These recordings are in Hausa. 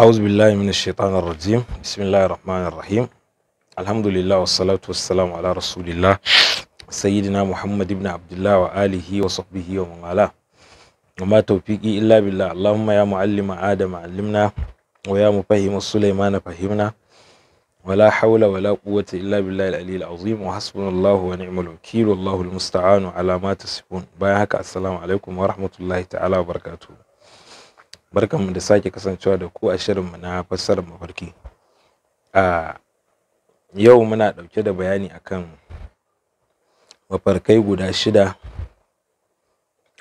أعوذ بالله من الشيطان الرجيم بسم الله الرحمن الرحيم الحمد لله والصلاة والسلام على رسول الله سيدنا محمد بن عبد الله وآله وصحبه ومن والاه وما توفيقي إلا بالله اللهم يا معلم آدم علمنا ويا مفهم سليمان فهمنا ولا حول ولا قوة إلا بالله العلي العظيم وحسبنا الله ونعم الوكيل والله المستعان على ما تصفون بايعك السلام عليكم ورحمة الله تعالى وبركاته barkanmu da sake kasancewa da ku a shirinmu na fassarar mafarki a yau muna ɗauke da bayani akan mafarkai guda shida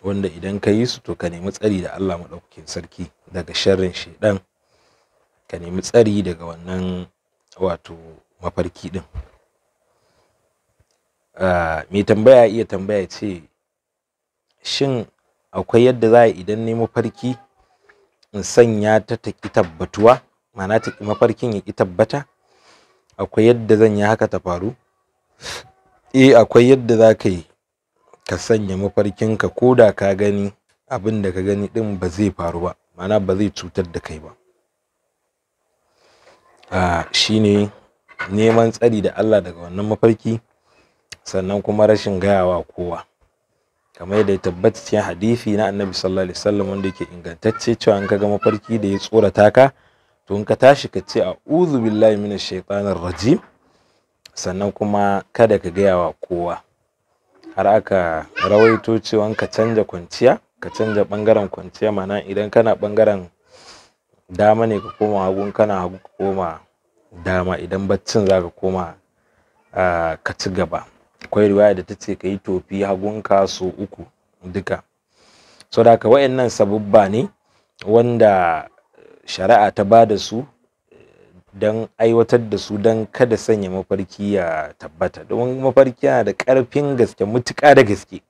wanda idan ka yi su to ka nemi tsari da Allah maɗaukakin sarki daga sharrin shaidan ka nemi tsari daga wannan wato mafarki ɗin mai tambaya iya tambaya ce shin akwai yadda za a idan ne mafarki in sanya ta ta ki tabbatuwa ma'ana ta mafarkin ya ki tabbata akwai yadda zan yi haka ta faru eh akwai yadda za ka yi ka sanya mafarkinka ko da ka gani abin da ka gani din ba zai faru ba ma'ana ba zai cutar da kai ba a shine neman tsari da Allah daga wannan mafarki sannan kuma rashin gayawa kowa kamar yadda ya tabbata cikin hadisi na annabi sallallahu alaihi wasallam wanda yake ingantacce cewa in ka ga mafarki da ya tsorata ka to in ka tashi ka ce a'udhu billahi minash shaitanir rajim sannan kuma kada ka gaya wa kowa har aka rawaito cewa ka canja kwanciya ka canja bangaren kwanciya mana idan kana bangaren dama ne ka koma hagu kana hagu koma dama idan baccin zaka koma ah, ka ci gaba akwai riwaya da ta ce ka yi tofi hagunka so uku duka so da sababba sabubba ne wanda shari'a ta ba da su eh, don aiwatar da su don kada sanya mafarki ya tabbata domin mafarki yana da ƙarfin gaske mutuƙa da gaske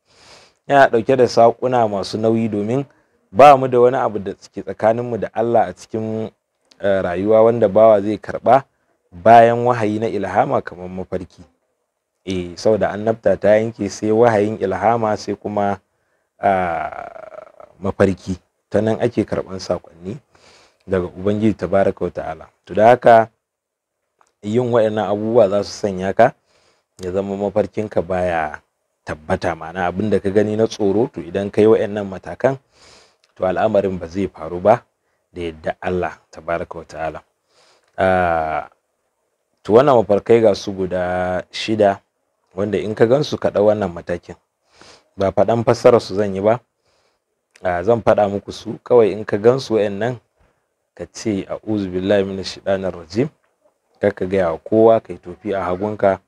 yana ɗauke da saƙuna masu nauyi domin ba mu da wani abu da ke tsakaninmu da Allah a cikin eh, rayuwa wanda bawa zai karɓa bayan wahayi na ilhama kamar mafarki eh saboda annabta ta yanke sai wahayin ilhama sai kuma mafarki ta nan ake karɓan saƙonni daga ubangiji tabaraka wa ta'ala to da haka yin waɗannan abubuwa za su sanya ka ya zama mafarkinka baya tabbata Mana abin da ka gani na tsoro to idan ka yi waɗannan matakan to al'amarin ba zai faru ba da yadda Allah tabaraka wa ta'ala to wannan mafarkai ga su guda shida wanda in ka gansu ka ɗau wannan matakin ba faɗan fassara su zan yi ba a zan faɗa muku su kawai in ka gansu wayannan ka ce a billahi minash shiɗanar rajim kaka gaya wa kowa kai tofi a hagunka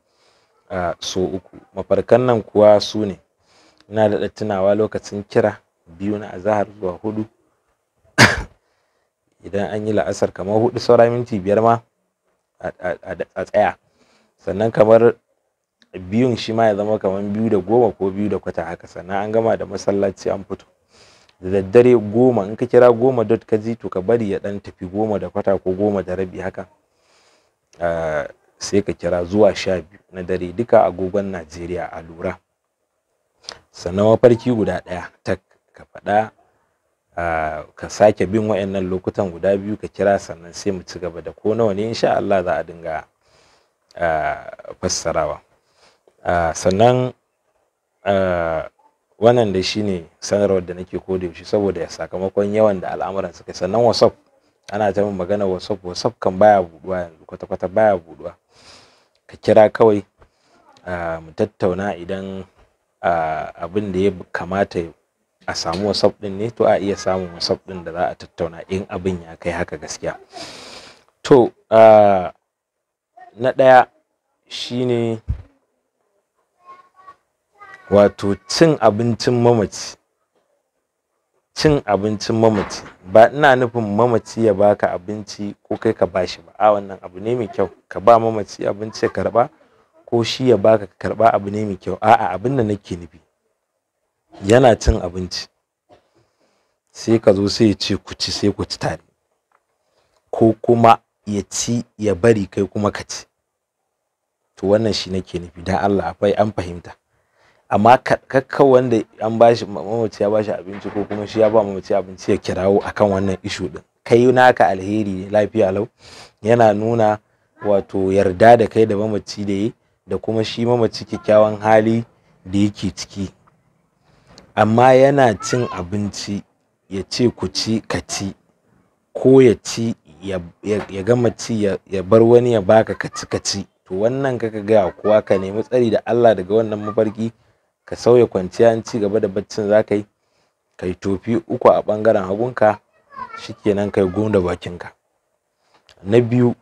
a so uku mafarkan nan kuwa su ne ina daɗa tunawa lokacin kira biyu na azahar zuwa hudu idan an yi la'asar kamar hudu saura minti biyar ma a tsaya sannan kamar biyun shi ma ya zama kamar biyu da goma ko biyu da kwata haka sannan an gama da masallaci an fito da daddare goma in ka kira goma dot ka ji to ka bari ya dan tafi goma da kwata ko goma da rabi haka sai ka kira zuwa sha biyu na dare duka agogon najeriya a lura sannan mafarki guda ɗaya tak ka faɗa ka sake bin wayannan lokutan guda biyu ka kira sannan sai mu ci gaba da ko nawa ne insha Allah za a dinga fassarawa Ah, sannan ah, wannan da shi ne sanarwar da nake koda yaushe saboda sakamakon yawan da al'amuran suka sannan whatsapp ana ta min magana whatsapp whatsapp kan baya buɗuwa yanzu kwata kwata baya buɗuwa ka kira kawai ah, mu tattauna idan abin da ya kamata a samu whatsapp din ne to a iya samun whatsapp din da za a tattauna in abin ya kai haka gaskiya to na ɗaya shine wato cin abincin mamaci cin abincin mamaci ba ina nufin mamaci ya baka abinci ko kai ka bashi ba a wannan abu ne mai kyau ka ba mamaci abinci ya karba ko shi ya baka ka karba abu ne mai kyau a'a abin da nake nufi yana cin abinci sai ka zo sai ya ce ku ci sai ku ci tare ko kuma ya ci ya bari kai kuma ka ci to wannan shi nake nufi dan Allah akwai an fahimta amma kakka wanda an bashi mamaci ya bashi abinci ko kuma shi ya ba mamaci abinci ya kirawo akan wannan ishu din kai naka alheri lafiya lau yana nuna wato yarda da kai da mamaci da yi da kuma shi mamaci kyakkyawan hali da yake ciki amma yana cin abinci ya ce ku ci ka ci ko ya ci ya gama ci ya bar wani ya baka ka ci ka ci to wannan kaka ga kuwa ka nemi tsari da Allah daga wannan mafarki ka sauya kwanciya in ci gaba da baccin za ka yi ka yi tofi uku a ɓangaren hagunka shikenan ka yi gunda bakinka na biyu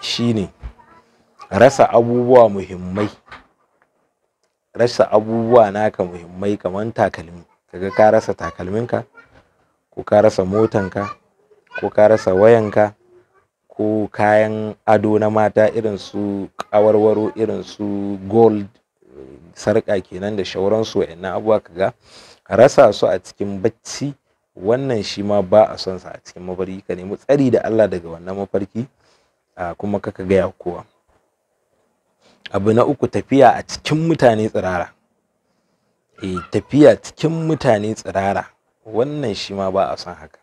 shine rasa abubuwa muhimmai rasa abubuwa naka muhimmai kamar takalmi kaga ka rasa takalminka ko ka rasa motanka ko ka rasa wayanka ko kayan ado na mata irin su ƙawarwaro irin su gold sarƙa kenan da shauransu wa'annan abubuwa kaga rasa su a cikin bacci wannan shi ma ba a son sa a cikin mafarki ka nemi tsari da Allah daga wannan mafarki kuma kaka gaya kowa abu na uku tafiya a cikin mutane tsirara e tafiya cikin mutane tsirara wannan shi ma ba a son haka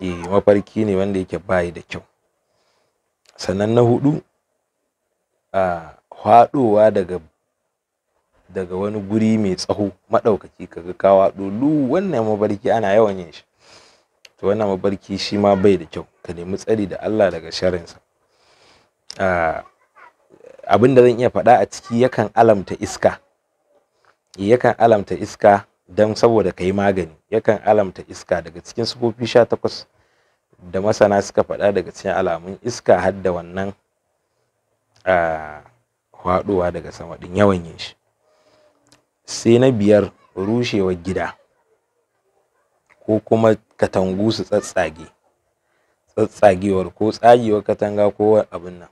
eh mafarki ne wanda yake bayi da kyau sannan na hudu a haɗowa daga daga wani guri mai tsaho maɗaukaki kaga ka waɗo lu wannan mabarki ana yawan yin shi to wannan mabarki shi ma bai da kyau ka nemi tsari da Allah daga sharinsa abin da zan iya faɗa a ciki yakan alamta iska yakan alamta iska don saboda ka yi magani yakan alamta iska daga cikin sufofi sha takwas da masana suka faɗa daga cikin alamun iska har da wannan haɗuwa daga sama ɗin yawan yin shi sai na biyar rushewar gida ko kuma katangu su tsatsage tsatsagewar ko tsagewar katanga ko abin nan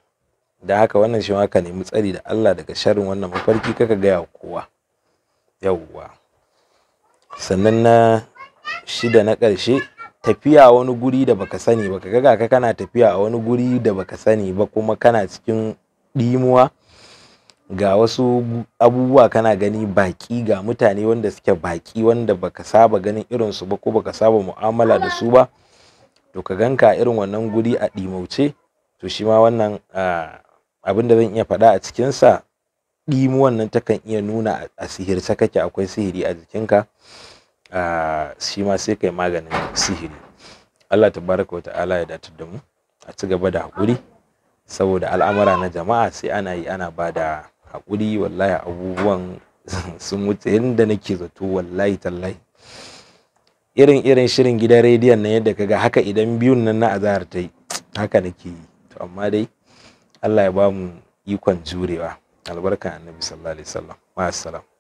don haka wannan shi ka nemi tsari da Allah daga sharrin wannan mafarki kaka gaya kowa yawwa sannan na shida na ƙarshe tafiya wani guri da baka sani ba ka ka kana tafiya a wani guri da baka sani ba kuma kana cikin ɗimuwa ga wasu abubuwa kana gani baki ga mutane wanda suke baki wanda baka saba ganin irinsu ba ko baka saba mu'amala da su ba to ka ganka irin wannan guri a ɗimauce to shi ma wannan abin da zan iya faɗa a cikinsa ɗimu wannan takan iya nuna a sihirce kake akwai sihiri a jikinka shi ma sai kai maganin sihiri Allah tabaraka wa ta'ala ya datar da mu a ci gaba da haƙuri saboda al'amura na jama'a sai ana yi ana ba da haƙuri wallahi abubuwan sun wuce inda nake zato wallahi tallahi irin irin shirin gidan rediyon na yadda kaga haka idan biyun nan na azahar ta yi haka nake yi to amma dai Allah ya ba mu ikon jurewa albarka annabi sallallahu alaihi wasallam